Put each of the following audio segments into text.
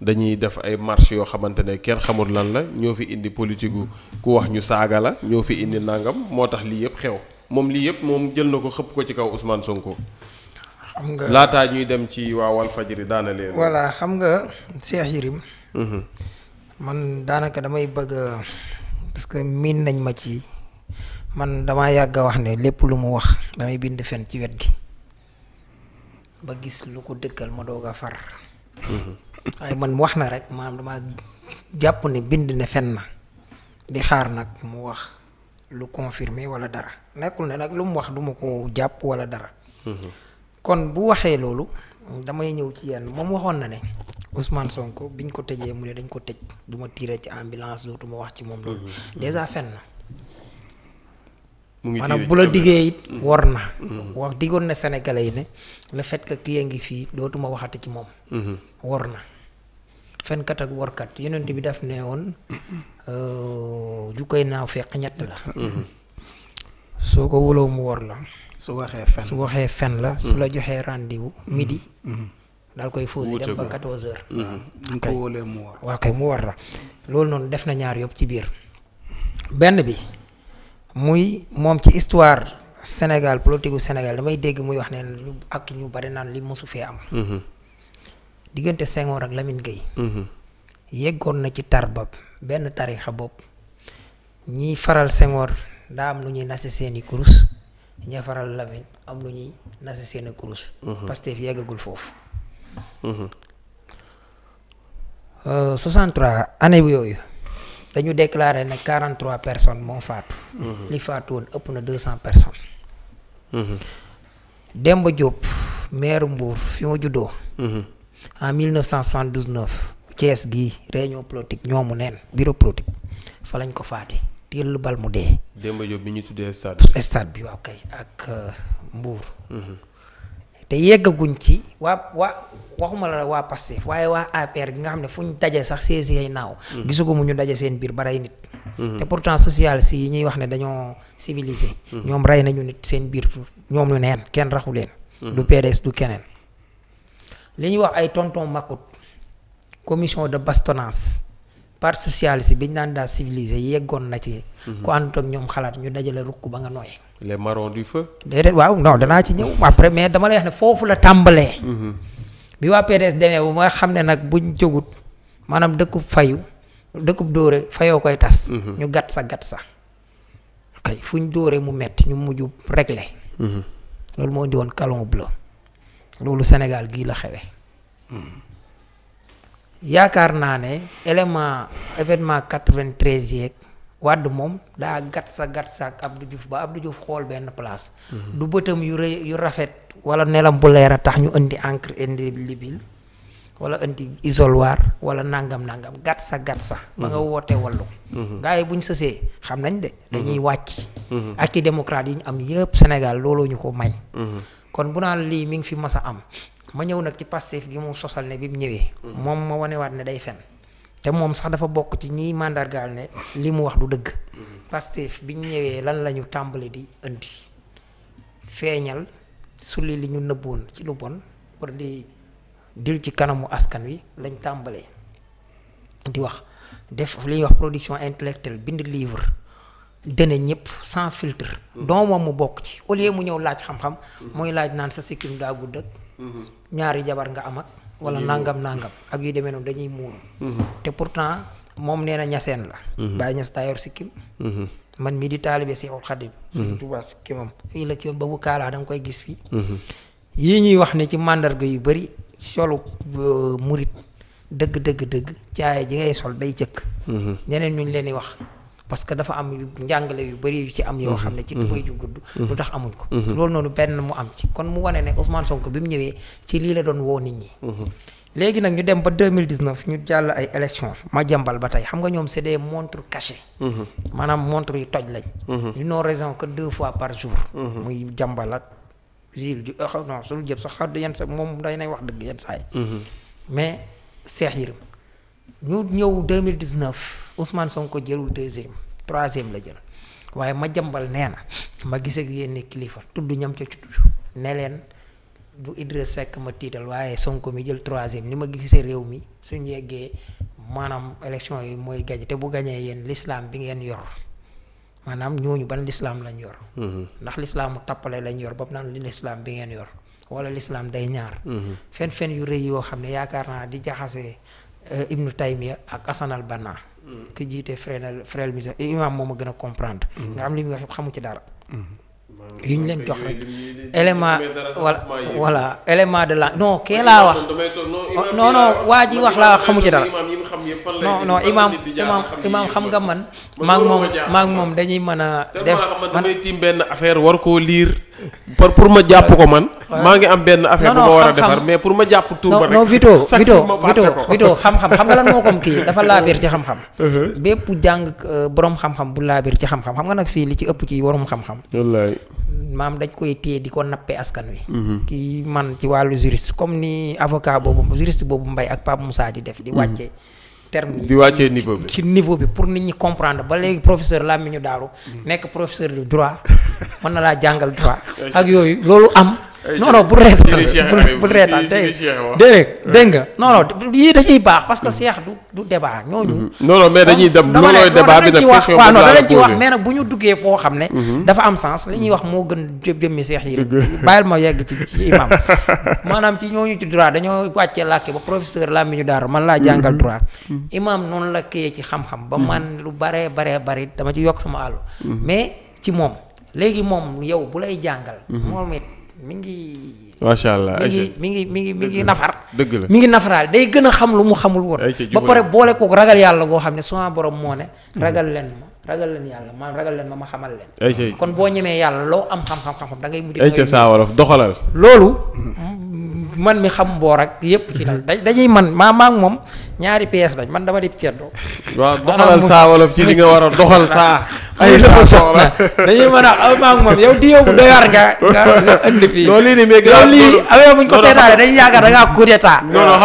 dañuy def ay marche yoo xamante ne kenn xamut lan la ñoo fi indi politiku ku wax ñu saaga la ñoo fi indi nangam moo tax lii yëpp xew moom lii yëpp moom jël na ko xëpp ko ci kaw Ousmane Sonko. xam nga laataa ñuy dem ci waa Walfadjri daana leen. voilà xam nga Cheikh Yérim. Mhm. man daanaka damay bëgg parce que miin nañ ma ci man dama yàgg a wax ne lépp lu mu wax damay bind fen ci wet gi ba gis lu ko dëggal ma doog a far. Mhm. waaye man wax na rek maanaam dama jàpp ne bind ne fen na di xaar nag mu wax lu confirmer wala dara nekkul ne nag lu mu wax duma ko jàpp wala dara kon bu waxee loolu damay ñëw ci yenn moom waxoon na ne Ousmane Sonko biñ ko tëjee mu ne dañ ko tëj du ma tiire ci ambulance dootuma wax ci moom loolu dèjà fen na maanaam bu la diggee it mm. war na mm. wax diggoon na Sénégalais yi ne le fait que kii a ngi fii dootuma waxati ci moom mm-hmm. wor na fenkat ak workat yonent bi def nee woon euh, ju koy naaw fekk ñett la mhm. soo ko wuloo mu wor la su waxee fen waxee fen la su la joxee rendez-vous mhm. midi mhm. daal koy fausse dem ba quatorze heures mu wor waa kay mu wor la loolu noonu def na ñaar yëpp ci biir benn bi muy moom ci histoire Sénégal politique gu Sénégal damay dégg muy wax ne ak ñu bari naan li mosu fee am diggante sengoor ak Lamine Gueye mm-hmm. yeggoon na ci tar ba benn tarixa bopp ñiy faral Senghor ndaxam lu ñuy nase seeni kurus ña faral Lamine am lu ñuy nase seeni kurus mm-hmm. Pastef yeggagul foofu 63 mm-hmm. euh, année bu yooyu dañu déclaré ne 43 personnes moo faatu li faatu woon ëpp na 200 personnes Demba Diop maire Mbour fi ma juddoo en 1979 Thiès gii réunion politique ñoomu neen bureau politique fa lañ ko faati téel lu bal mu dee. Demba Diop bi ñu tuddee stade. stade bi waaw kay ak euh, Mbour. Mhm. te yeggaguñ ci waa waa waxuma la waa Pastef waaye waa APR gi nga xam ne fu ñu daje sax saisi ay naaw. Mhm. mu ñu daje seen biir ba rey nit. Mhm. te pourtant social si yi ñuy wax ne dañoo civilisé. ñoom rey nañu nit seen biir ñoom ñu neen kenn raxu leen. du PDS du keneen. li ñuy wax ay tonton Macoute commission de bastonance parti socialiste bi ñu naan daal civilisé yeggoon na ci. Mhm. ku àndut ak ñoom xalaat ñu dajale rukk ba nga nooy. les waaw non danaa ci ñëw après mais dama lay yax ne foofu la tàmbalee. Mhm. bi waa PDS demee bu ma xam ne nag buñ jógut maanaam dëkkub fayu dëkkub dóore fayoo koy tas. Mhm. ñu gat sa gat sa. kay fuñ dóoree mu metti ñu mujj régler. loolu moo indi woon calon bleu. loolu Sénégal gii la xewe yaakaar naa ne élément événement 93 yeeg wadd moom daa gàtt sa gàtt sa ak Abdou Diouf du Abdou xool benn place. Mhm. du bëtam yu rëy yu rafet wala nelam bu leer a tax ñu indi encre indi libil wala indi isoloir wala nangam nangam gàtt sa gàtt sa. ba nga mhm. woote wallu. Mhm. gars yi bu sësee xam nañ de. dañuy wàcc. ak ci démocrate yi ñu am yëpp Sénégal looloo ñu ko may. kon bu naan lii mi ngi fi mas a am ma ñëw nag ci Pastef gi mu sosal ne bi mu ñëwee. Mm-hmm. moom ma wanewaat ne day fen te moom sax dafa bokk ci ñiy màndargaal ne li mu wax du dëgg. Mm-hmm. Pastef bi ñu ñëwee lan lañu ñu di indi feeñal sulli li ñu nëbboon ci lu bon pour di dil ci kanamu askan wi lañ tàmbalee di wax def li ñuy wax production intellectuelle bind livre. dene ñëpp sans filtre. Mm-hmm. doomam mu bokk ci au mu ñëw mm-hmm. laaj xam-xam. muy laaj naan sa sikkim daa gudd ak. Mm-hmm. ñaari jabar nga am ak. wala nangam nangam ak yu demee noonu dañuy muuru. te pourtant moom nee na ñaseen la. Baye Niass daa sikkim. man mii di taalibe Seexul Xadim. suñu Tuubaa sikkimam fii la kii ba bu kaalaa da nga koy gis fii. yii ñuy wax ne ci màndarga yu bëri solu euh, murit dëgg dëgg dëgg caaya ji ngay sol day cëkk ñeneen ñu leen di wax. parce que dafa am njàngale yu bëri yu ci am yoo mhm. xam ne ci mhm. tubay ju gudd mhm. lu tax amuñ ko loolu noonu benn mu am ci kon mu wane ne Ousmane Sonko bi mu ñëwee ci lii la doon woo nit ñi léegi nag ñu dem ba 2019 ñu jàll ay élection ma jambal ba tey xam nga ñoom c'est des montres cachées maanaam montres yu toj lañ ils n'ont raison que deux fois par jour muy jàmbal ak Gilles ju oh, non sulu jëp sax xaw yenn sa moom day nay wax dëgg yenn saa yi mais Cheikh Yérim ñu ñëw 2019 sonk Sonko jëlul deuxième troisième la jël waaye ma jambal nee na ma giseek ak yenn kilifa tudd ñam ca tudd ne leen du Idrissa Seck ma tiital waaye Sonko mi jël troisième ni ma gisee réew mi suñ yeggee maanaam élection yi mooy gañ te bu gañee yéen lislaam bi ngeen yor maanaam ñooñu ban l'islam lañ yor. Mhm. ndax l'islaamu tappale lañ yor ba mu li l'islam bi ngeen yor wala lislaam day ñaar. Mhm. fen fen yu rëy yoo xam ne yaakaar naa di jaxase. Euh, Ibnu Taymiya ak Hassan al-Banna. Mm. ki jiite Frel Frel Misa imam moom a gën a comprendre. Mm. nga am li muy wax xamu ci dara. Mm. yi ñu leen jox rek élément wala voilà élément de la no kee laa wax non oh, waa ji wax laa wax xamu ci dara non non imaam imaam imaam xam nga man maak moom maak moom dañuy mën a def man benn affaire war koo liir pour pour ma jàpp ko man maa ngi am benn affaire bu ma a pour ma jàpp tuuba rek non Vito Vito Vito Vito xam-xam xam nga lan moo koom kii dafa laabir ci xam-xam uh-huh. bépp jàng euh, borom xam-xam bu laabir ci xam-xam xam nga nag fii li ci ëpp ci warum xam-xam wallaay maam dañ koy téye di ko nappee askan wi. Mhm. kii man ci wàllu juriste comme ni avocat boobu juriste boobu Mbaye ak Pape Moussa di def. di mhm. wàccee terme yi di wàccee niveau bi niveau bi pour nit ñi comprendre ba léegi professeur laa mi ñu daaru. Mhm. nekk professeur de droit mën na laa jàngal droit. ak yooyu loolu am. non non bu reetaan bu reetaan dégg nga dégg nga mm-hmm. dañuy baax parce que seex du du débat ñooñu. Mm-hmm. non non mais dañuy dem loolooy débat bi nag question waaw non danañ wax mais nag bu ñu duggee foo xam ne. Mm-hmm. dafa am sens li ñuy wax moo gën jëmmi seex yi. bàyyil ma yegg ci ci imam maanaam ci ñooñu ci droit dañoo wàccee làkke ba professeur laa mi ñu daara man laa jàngal droit. imam noonu la kii ci xam-xam. ba man lu baree bare bari dama ci yokk sama àll. mais ci moom léegi moom yow bu lay jàngal. moom mi ngi. macha allah mi ngi mi ngi mi ngi mi ngi nafar. dëgg la mi ngi nafaraal day gën a xam lu mu xamul woon. ba pare boole kook ragal yàlla goo xam ne sama borom moo ne. Hmm. ragal leen ma ragal leen yàlla maanaam ragal leen ma ma xamal leen. kon boo ñemee yàlla loo am xam-xam-xam da ngay mujj. ayca saa wolof doxalal. loolu. Hmm. man mi xam mboo rek yëpp ci dal dañuy man maa maa moom ñaari PS lañ man dama di ceddo. waaw doxalal saa wolof ci li nga war a doxal saa. ay sa soxla dañuy mën a aw maag moom yow di yow bu doy nga nga indi fii non lii awee buñ ko seetaane dañuy yaakaar da ngaa coup d'état non non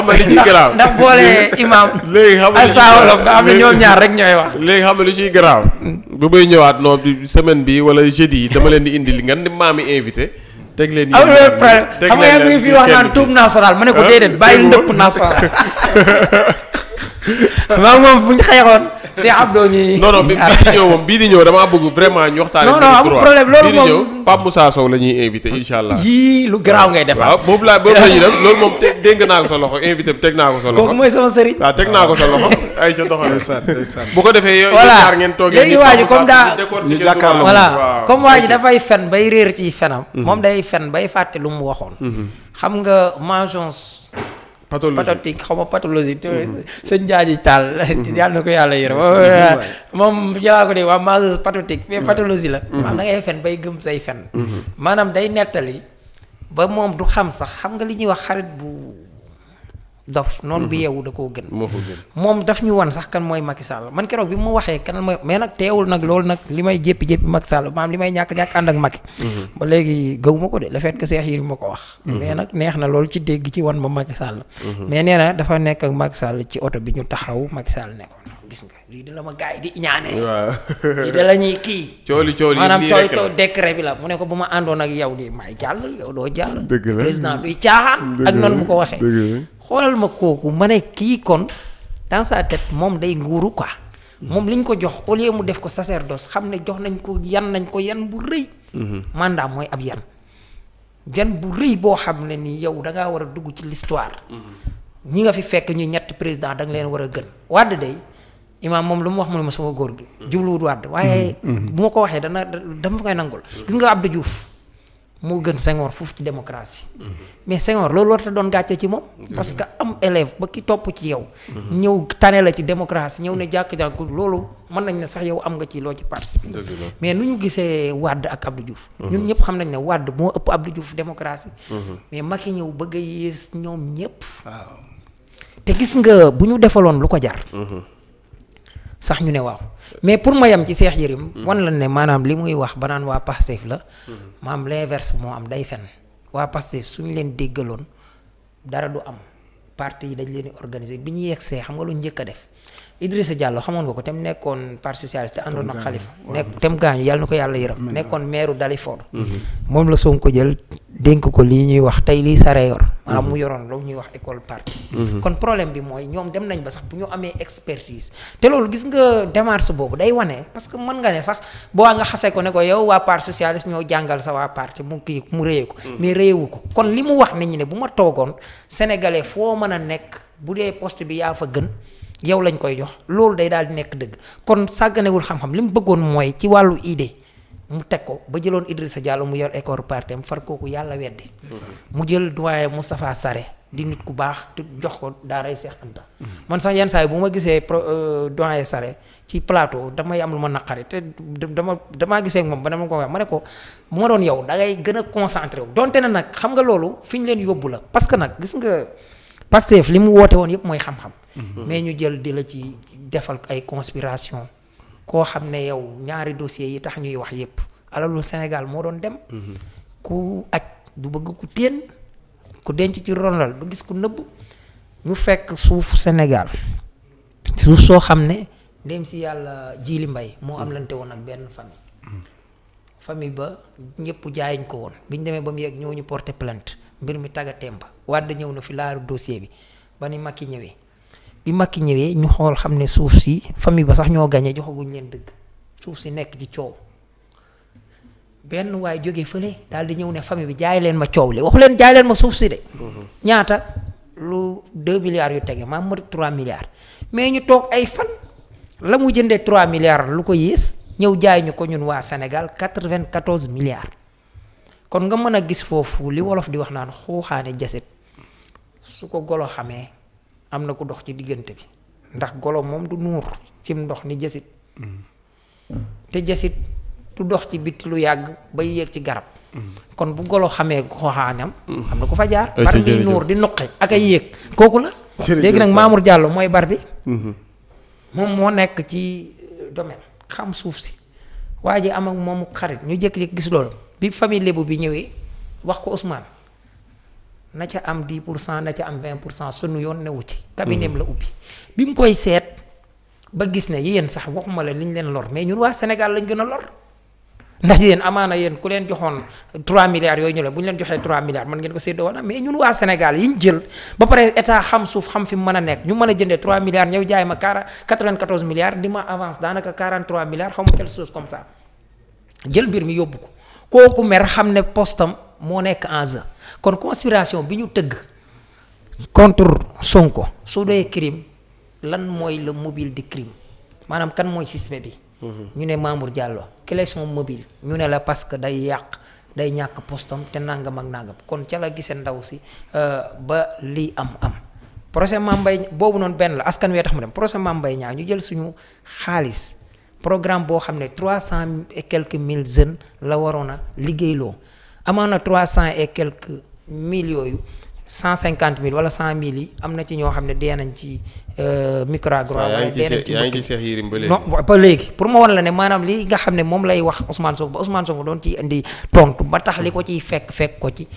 xam ñoom ñaar rek ñooy wax léegi xam nga li ciy grave bu may ñëwaat noonu di semaine bi wala jeudi yi dama leen di indi li ngeen di maami invité teg leen yéen yéen teg xam nga yaa ngi fi wax naan tuub national ma ne ko ah, déedéet xeexoon Cheikh Abdou ñi. non non bii di ñëw moom bii damaa bëgg vraiment ñu waxtaanee. non non ñëw Pape Moussa Sow la ñuy invité incha allah. yii lu garaaw ngay defar boobu laa boobu la ñuy def loolu moom dégg naa ko sa loxo invité bi teg naa ko sa loxo. kooku mooy sama sëriñ. waaw teg naa ko sa loxo ay sa doxalee. bu ko defee yow ñaar ngeen toogee. léegi waa comme daa ñu comme waa ji dafay fen bay réer ci fenam. Mhm. moom day fen bay fàtte lu mu waxoon. Mhm. xam nga pathologique xaw ma pathologie. Mhm. sëñ jaaji taal. Mhm. yàlla na ko yàlla yërëm. moom jëlaa ko de waa masse pathotique. mais mhm. pathologie la. maanaam da ngay fen bay gëm say fen. maanaam day nettali ba moom du xam sax xam nga li ñuy wax xarit bu. dof noonu mhm. bi yeewu da koo gën moom daf ñu wan sax kan mooy Macky Sall man keroog bi mu waxee kan mooy mais nag teewul nag loolu nag li may jéppi-jéppi Macky Sall maam li may ñàkk-ñàkk ànd ak Macky mhm. ba léegi gëw ma ko de le fait que Cheikh ma ko wax mhm. mais nag neex na loolu ci dégg ci wan ma Macky Sall mais nee na dafa nekk ak Macky Sall ci oto bi ñu taxaw Macky Sall nekkoon gis nga lii de ma gars yi di ñaanee. lii de la ñuy kii. cooli cooli maanaam tooy tooy décret bi la mu ne ko bu ma àndoon ak yow de may jàll yow doo jàll. dëgg la président duy caaxaan. ak noonu bu ko waxee. xoolal ma kooku ma ne kii kon dans sa tête moom day nguuru ko hmm. moom li ko jox au lieu mu def ko sacerdoce xam ne jox nañ ko yan nañ ko yan bu rëy. Hmm. mandat mooy ab yan. yan bu rëy boo xam ne ni yow da ngaa war a dugg ci l'histoire hmm. ñi nga fi fekk ñu ñetti président da leen war a gën. imaam moom lu mu wax mu ne ma sama góor gi. jubluwut wàdd waaye. Mhm. bu ma ko waxee dana dama koy nangul. gis nga Abdou Diouf moo gën Senghor foofu ci démocratie. Mhm. mais Senghor loolu warta doon gàcce ci moom. parce que am élève ba ki topp ci yow. ñëw tane la ci démocratie ñëw ne jàkk jànku loolu mën nañ ne sax yow am nga ci loo ci participer. mais nu ñu gisee wàdd ak Abdou juuf mhm. ñun ñëpp xam nañ ne wàdd moo ëpp Abdou Diouf démocratie. mais Macky ñëw bëgg a yées ñoom ñëpp. te gis nga bu ñu defaloon lu ko jar. sax ñu ne waaw mais pour ma yam ci Cheikh Yérim hmm. wan la ne maanaam li muy wax ba naan waa Pastef la hmm. maam l'inverse moo am day fen waa Pastef suñu leen déggaloon dara du am parti yi dañ leen di organiser bi ñu yegsee xam nga lu njëkk a def Idrissa Diallo xamoon nga ko tam nekkoon parti socialiste àndoon ak Khalifa nekk tem gaañu yàlla na ko yàlla yërëm nekkoon maire Dalifort hmm. moom la Sonko jël dénk ko lii ñuy wax tey lii sare maanaam mhm. mu yoroon loolu ñuy wax école parti mhm. kon problème bi mooy ñoom dem nañ ba sax bu ñu amee expertise te loolu gis nga démarche boobu day wane parce que mën nga ne sax boo nga xasee ko ne ko yow waa parti socialiste ñoo jàngal sa waa parti mu kii mu réyee ko mhm. mais réyewu ko kon li mu wax nit ñi ne bu ma toogoon sénégalais foo mën a nekk bu dee post bi yaa fa gën yow lañ koy jox loolu day daal di nekk dëgg kon sàgganewul xam-xam li mu bëggoon mooy ci wàllu idée mu teg ko ba jëloon sa Diallo mu yor école partem far kooku yàlla weddi mm-hmm. mu jël doyen Moustapha sare di nit ku baax te jox ko daaray Seex Anta mm-hmm. man sax yenn saa yi bu ma gisee euh, doyen Sarré ci plateau damay am lu ma naqari te dama damaa gisee moom ba dama ko wax ma ne ko bu ma doon yow da ngay gën a concentré wu donte ne nag xam nga loolu fi ñu leen yóbbu la parce que nag gis nga Pastef li mu woote woon yëpp mooy xam-xam mm-hmm. mais ñu jël di la ci defal ay conspiration koo xam ne yow ñaari dossiers yi tax ñuy wax yépp alalul Sénégal moo doon dem. Mhm. ku aj du bëgg ku téen ku denc ci ronlal du gis ku nëbb ñu fekk suuf Sénégal suuf soo xam ne dem si yàlla jiili mbay moo am lante woon ak benn famille. famille ba ñëpp jaayuñ ko woon bi ñu demee ba mu yegg ñoo ñu porté plainte mbir mi taggatémba wàdd ñëw na fi laaru dossier bi ba ni yi ñëwee. bi Macky ñëwee ñu xool xam ne suuf si famille ba sax ñoo gañe joxaguñ leen dëgg suuf si nekk ci coow benn waay jóge fële daal di ñëw ne famille bi jaay leen ma coow li waxu leen jaay leen ma suuf si de. ñaata lu 2 milliards yu tege maam ma 3 milliards. mais ñu toog ay fan la mu jëndee 3 milliards lu ko yées ñëw jaay ñu ko ñun waa senegal vingt 94 milliards. kon nga mën a gis foofu li wolof di wax naan xuuxaane jasit su ko golo xamee. am na ku dox ci diggante bi ndax golo moom du nuur cim ndox ni jasit te jasit du dox ci bitti lu yàgg bay yéeg ci garab kon bu golo xamee xooxaanam xam na ku fa jaar eh, bar bi nuur di nuqi ak ay yéeg kooku la léegi nag Mamour Diallo mooy bar bi mm-hmm. moom moo nekk ci euh, domaine xam suuf si waa ji amag moomu xarit ñu jékki-jékki gis loolu bi famille lébu bi ñëwee wax ko Ousmane na ca am 10 pour cent na ca am 20 pour cent sunu yoon newu ci. kabineem mm-hmm. la ubbi bi mu koy seet ba gis ne yéen sax waxuma la li leen lor mais ñun waa Sénégal lañ gën a lor. ndax yéen amaana yéen ku leen joxoon 3 milliards yooyu ñu la bu ñu leen joxee 3 milliards mën ngeen ko séddoo wala mais ñun waa Sénégal yi jël ba pare état xam suuf xam fi mu mën a nekk ñu mën a jëndee 3 milliards ñëw jaay ma 94 milliards di ma avance daanaka 43 milliards xaw ma quelque chose mi yóbbu ko moo nekk en kon conspiration bi ñu tëgg contre Sonko su dee crime lan mooy le mobile di crime maanaam kan mooy suspect bi. Mhm. ñu ne Mamour Diallo quel est mobile. ñu ne la parce que day yàq day ñàkk postam te nangam ak nàngam kon ca la gisee ndaw si euh, ba lii am am. procès Mame Mbaye boobu noonu benn la askan wee tax mu dem procès Mame Mbaye ñaa ñu jël suñu xaalis programme boo xam ne trois cent et quelques mille jeunes la waroon a liggéeyloo amoon na trois cent et quelques mille yooyu cent cinquante mille wala cent mille yi am na ci ñoo xam ne dee nañ ci micro agro. wala dee ci yaa ngi ci Cheikh Yérim ba léegi. non ba léegi pour ma wan la ne maanaam li nga xam ne moom lay wax Ousmane Sonko ba Ousmane Sonko doon ciy indi ba tax li ko ciy fekk fekk ko ci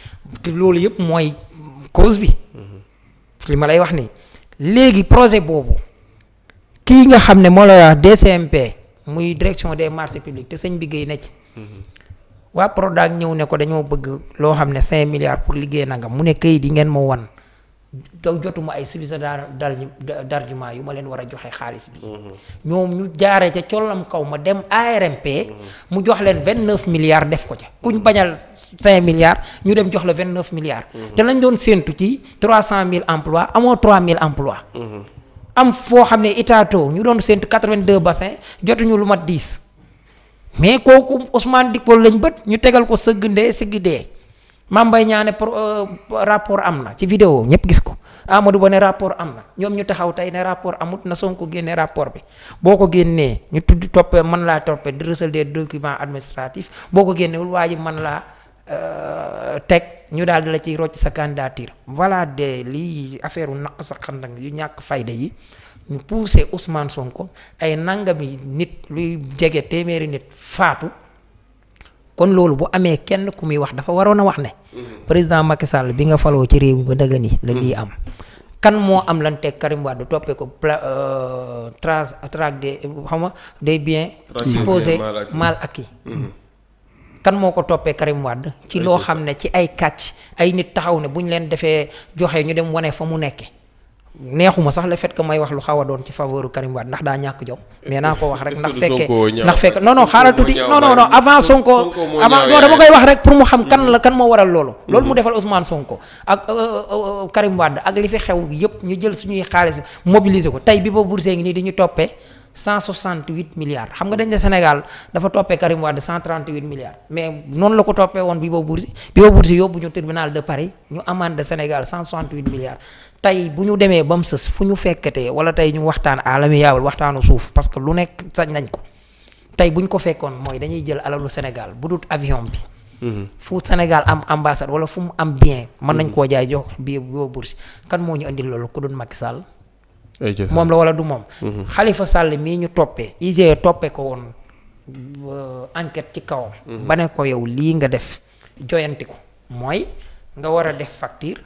te loolu yëpp mooy cause bi. li ma lay wax nii léegi projet boobu kii nga xam ne moo lay wax muy direction des marchés publics te sëñ bi géey na ci. Mhm. waa Prodac ñëw ne ko dañoo bëgg loo xam ne cinq milliards pour liggéey nangam mu ne kayit di ngeen ma wan daw jotuma ay suffisamment d'arguments yu ma leen war a joxe xaalis bi mm-hmm. ñoom ñu jaaree ca collam kaw ma dem ARMP mm-hmm. mu jox leen vingt neuf milliards def ko ca kuñ mm-hmm. bañal cinq milliards ñu dem jox la vingt neuf milliards te lañ doon séentu ci trois cent mille emplois amoo trois mille emplois am foo xam ne Etato ñu doon séentu quatre vingt deux bassins jotuñu lu mat dix mais kooku Ousmane Dikpol lañ bët ñu tegal ko sëgg ndee sëgg dee Mame Mbaye Niang ne euh, rapport am na ci vidéo ñëpp gis ko Amadou Ba ne rapport am na ñoom ñu taxaw tey ne rapport amut na Sonko génnee rapport bi boo ko génnee ñu tudd toppee man laa toppee di recel des documents boo ko génnewul waa ji mën laa euh, teg ñu daal di la ciy rocc sa candidature walaa dee lii affaire u naq sa xandang yu ñàkk fayda yi ñu poussé Ousmane Sonko ay nangami nit luy jege téeméeri nit faatu kon loolu bu amee kenn ku muy wax dafa waroon a wax ne. Mhm. président Macky Sall bi nga faloo ci réew mi ba dëgg ni la mhm. lii am. kan moo am lan teg Karim Wade toppee ko pla euh, trace traque des xam nga des biens. supposé mal acquis mhm. kan moo ko toppee Karim Wade ci loo xam ne ci ay kàcc ay nit taxaw ne bu ñu leen defee joxe ñu dem wane fa mu nekke neexuma sax la fait que may wax lu xaw a doon ci faveur Karim Wade ndax daa ñàkk jom mais naa ko wax rek ndax fekkee ndax fekke non non xaaral tuuti non non non avant Sonko avant non dama wax rek pour mu xam kan la mm-hmm. kan moo waral loolu loolu mu mm-hmm. defal Ousmane Sonko ak euh, euh, euh, Karim Wade ak li fi xew yëpp ñu jël suñuy xaalis mobiliser ko tey bi ba Boursé ngi nii di ñu toppee cent 168 milliards xam nga dañ ne Sénégal dafa toppee Karim Wade 138 milliards mais noonu la ko toppee woon Bibo Bourgi Bibo Bourgi yóbbu ñu tribunal de Paris ñu amende Sénégal 168 milliards tey bu ñu demee ba mu sës fu ñu fekkatee wala tey ñu waxtaan alami yaawal waxtaanu suuf parce que lu nekk sañ nañ ko tey bu ñu ko fekkoon mooy dañuy jël alalu Sénégal bu dut avion bi. Mm-hmm. fu Sénégal am ambassade wala fu mu am bien. mën nañ mm-hmm. koo jaay jox Bibo Bourgi kan moo ñu indil loolu ku doon Macky Sall moom la wala du moom. xalifa mhm. sàll mii ñu toppee IGE toppee ko woon euh, enquête ci kawam. Mhm. ba ne ko yow lii nga def joyanti ko mooy nga war a def facture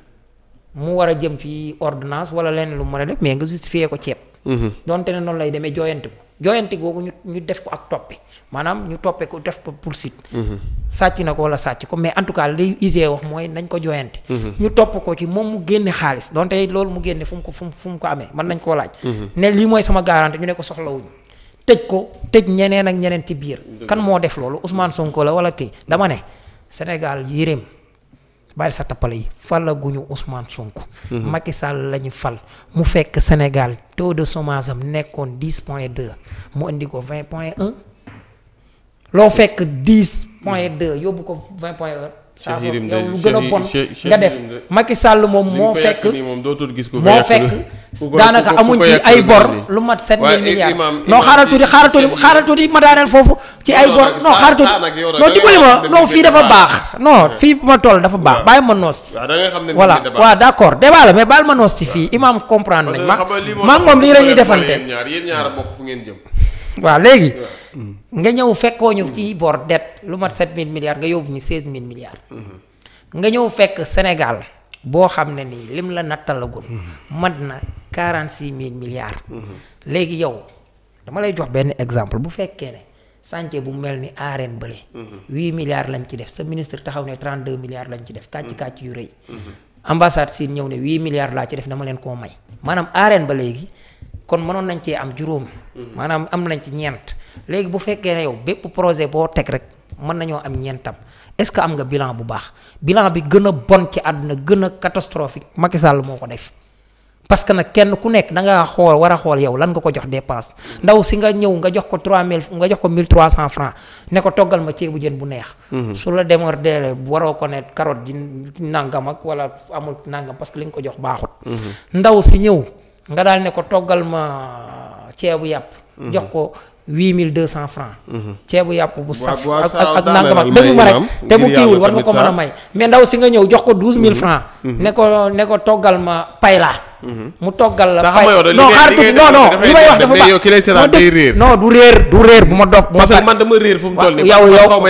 mu war a jëm ci ordinance wala lenn lu mën a def mais nga justifier ko ceeb. Mhm. donte ne noonu lay demee joyanti ko joyanti googu ñu ñu def ko ak toppi maanaam ñu toppee ko def ko poursuite. Mhm. sàcc na ko wala sàcc ko mais en tout cas li IGE wax mooy nañ ko joyante mhm. ñu topp ko ci moom mu génne xaalis donte loolu mu génne fu mu ko fu mu fu mu ko amee mën nañ koo laaj. Mhm. ne lii mooy sama garantie ñu ne ko soxlawuñu. tëj ko tëj ñeneen ak ñeneen ci biir. kan moo def loolu Ousmane Sonko la wala kii dama ne Sénégal yéreem bàyyi sa tappale yi falaguñu Ousmane Sonko. Macky Sall la ñu fal mu fekk Sénégal taux de am nekkoon dix point deux mu indi ko vingt point un. loo fekk dix point deux yóbbu ko vingt point un. Cheikh yow lu gën a bon nga def Macky sàll moom moo fekk moo fekk daanaka amuñ ci ay bor lu mat sept mille milliards non xaaral tuuti xaaral tuuti xaaral ma daaneel foofu ci ay bor non xaaral tuuti non dimbali ma non fii dafa baax non fii ma toll dafa baax bàyyi ma noos voilà waaw d' accord débat la mais baal ma noos ci fii imam comprendre nañ ma maa moom lii la ñuy defante waaw léegi. Mm. nga ñëw fekkoo ñu ci bor dette lu mat 7000 milliards nga yóbbu ñu 16000 milliards. Mm-hmm. nga ñëw fekk Sénégal boo xam ne nii lim la nattalagul. Mm-hmm. mat na 46000 milliards. Mm-hmm. léegi yow dama lay jox benn exemple bu fekkee ne. chantier bu mel ni arène bële. huit milliards lañ ci def sa ministre taxaw ne trente deux milliards lañ ci def. kàcc kàcc yu rëy. ambassade Sine ñëw ne huit milliards laa ci def dama leen koo may. maanaam arène ba léegi kon mënoon nañ cee am juróom Mhm. maanaam am nañ ci ñeent. léegi bu fekkee ne yow bépp projet boo teg rek mën nañoo am ñeentam est-ce que am nga bilan bu baax bilan bi gën a bon ci àdduna gën a catastrophique Sall moo ko def. parce que nag kenn ku nekk da ngaa xool war a xool yow lan nga ko jox dépense ndaw si nga ñëw nga jox ko 3000 nga jox ko 1300 francs ne ko toggal ma ceebu jën bu neex. Mhm. su la demoor deele waroo ko ne carotte ji nangam ak wala amul nangam parce que li nga ko jox baaxut. Mhm. ndaw si ñëw ceebu yàpp. jox ko huit mille deux cent francs. ceebu yàpp bu saf. ak ak nangam ma rek te mu kiiwul war nga ko mën a may. mais ndaw si nga ñëw jox ko douze mille mhm. francs. Mhm. ne ko ne ko toggal ma pay laa. Mhm. mu toggal la pay non xaar tuuti non non li may wax dafa baax non du réer ma dof bu ma nii yow yow kon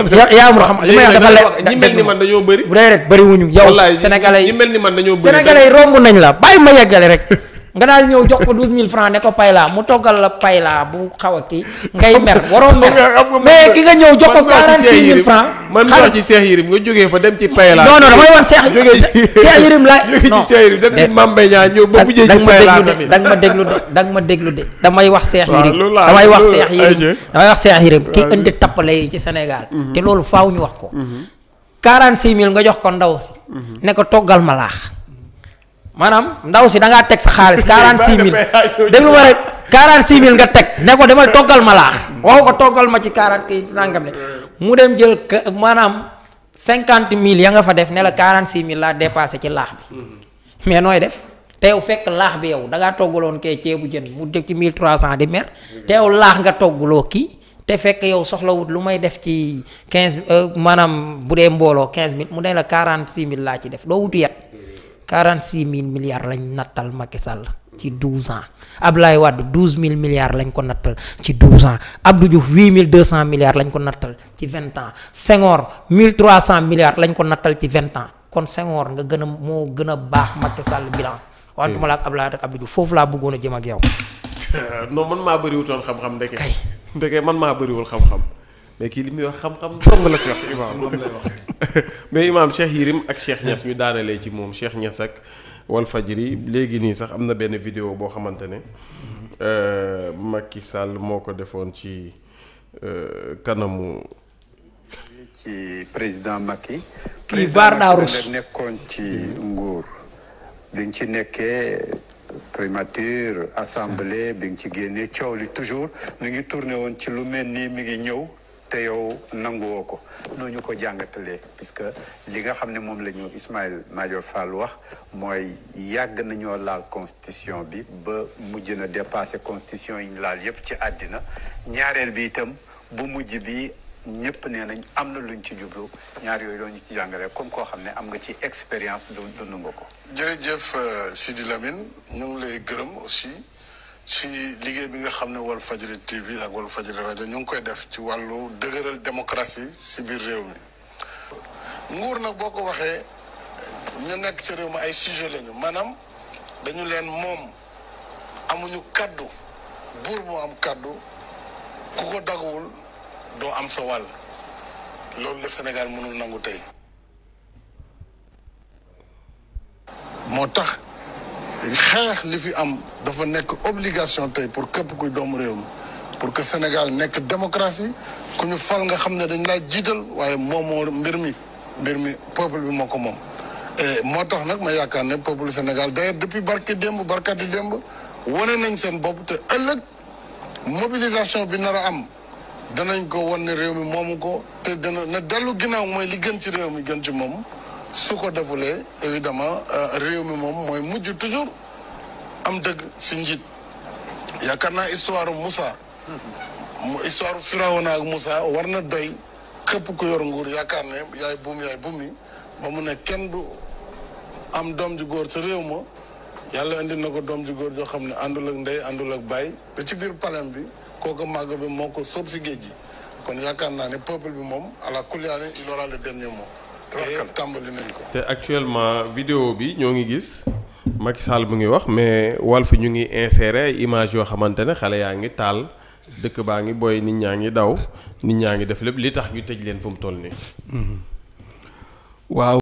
yi romb nañ la bàyyi ma yeggale rek nga daal ñëw jox ko douze mille francs ne ko pay laa mu toggal la pay laa bu xaw a kii ngay mer waroon mer mais ki nga ñëw jox ko quarante six mille francs man ñoo ci Cheikh jógee fa dem ci pay laa non non damay wan Cheikh Cheikh Yérim laa non da nga ma déglu de da nga ma déglu de damay wax seex Yérim damay wax Cheikh Yérim wax Cheikh Yérim ki indi tappale yi ci Sénégal te loolu faaw ñu wax ko mhm. quarante six mille nga jox ko ndaw si mhm. ne ko toggal ma laax maanaam ndaw si da ngaa teg sa xaalis 46000 déglu ma rek 46000 nga teg ne ko demal toggal ma laax hmm. waxu ko toggal ma ci quarante kii nangam ne hmm. mu dem jël maanaam 50000 ya nga fa def ne la 46000 laa dépassé ci laax bi hmm. mais nooy def te yow fekk bi yow da ngaa toggaloon kee ceebu jën mu jël ci 1300 di mer laax nga toggaloo kii te fekk yow soxlawut lu may def ci 15 euh, maanaam bu dee mbooloo 15000 mu ne la 46000 laa ci def doo wutu yet 46 mille milliards lañ nattal Macky Sall ci 12 ans Abdoulaye Wade 12 mille milliards lañ ko nattal ci 12 ans Abdou Diouf 8 mille 200 milliards lañ ko nattal ci 20 ans Senghor 1300 milliards lañ ko nattal ci vingt ans kon Senghor nga gën a moo gën baax Macky Sall bilan. wante ma la ak Abdoulaye ak Abdou foofu laa bëggoon a jëm ak yow. non man maa bëriwutoon xam-xam ndeke. kay ndeke man maa bëriwul xam-xam. mais kii li muy wax xam-xam la fi mais imaam Cheikh Yirim ak Cheikh Niass ñu daanalee ci moom Cheikh Niass ak Walfajiri léegi nii sax am na benn vidéo boo xamante ne euh, Macky Sall moo ko defoon ci euh, kanamu. ci président Macky. kii Baar Daarus nekkoon ci nguur. bi nga ci nekkee primature assemblée bi nga ci génnee coow li toujours mi ngi tourné woon ci lu mel nii mi ngi ñëw. te yow nanguwoo ko nooñu ko jàngatalee puisque li nga xam ne moom la ñu Ismaïla Madior Fall wax mooy yàgg nañoo laal constitution bi ba mujj na dépassé constitution yi ñu laal yépp ci àddina ñaareel bi itam bu mujj bi ñëpp nee nañ am na luñ ci jublu ñaar yooyu loo ñu ci jàngalee comme koo xam ne am nga ci expérience dund nga ko. jërëjëf euh, Sidi Lamine ñu lay gërëm aussi. ci liggéey bi nga xam ne Walf Fadjri TV ak wal Fadjri rajo ñu ngi koy def ci wàllu dëgëral démocratie si biir réew mi nguur nag boo ko waxee ñu nekk ci réew mi ay sujet lañu maanaam dañu leen moom amuñu kàddu buur moo am kàddu ku ko daguwul doo am sa wàll loolu la Sénégal mënul nangu tey moo tax xeex li fi am dafa nekk obligation tey pour képp kuy doomu réew mi pour que Sénégal nekk démocratie ku ñu fal nga xam ne dañ laa jiital waaye moom moo mbir mi mbir mi peuple bi moo ko moom. moo tax nag ma yaakaar ne peuple Sénégal d'ailleurs depuis barke démb barkati démb wane nañ seen bopp te ëllëg mobilisation bi nar a am danañ ko wan ne réew mi moomu ko te dana na dellu ginnaaw mooy li gën ci réew mi gën ci moom. su ko defulee évidemment euh, réew mi moom mooy mujj toujours am dëgg si njiit yaakaar naa histoire Moussa histoire Firawna ak musa war na doy képp ku yor nguur yaakaar ne yaay buum yaay buum yi ba mu ne kenn du am doom ju góor sa réew ma yàlla indi na ko doom ju góor joo xam ne àndul ak ndey àndul ak baay ba ci biir palem bi kooka màgg bi moo ko sóob si géej gi kon yaakaar naa ne peuple bi moom à la kulli il aura le dernier Eh, tàmbali te actuellement vidéo bi ñoo ngi gis Macky Sall mu ngi wax mais Walf ñu ngi insérer ay images yoo xamante ne xale yaa ngi taal dëkk baa ngi booy nit ñaa ngi daw nit ñaa ngi def lépp li tax ñu tëj leen fu mu toll nii. waaw.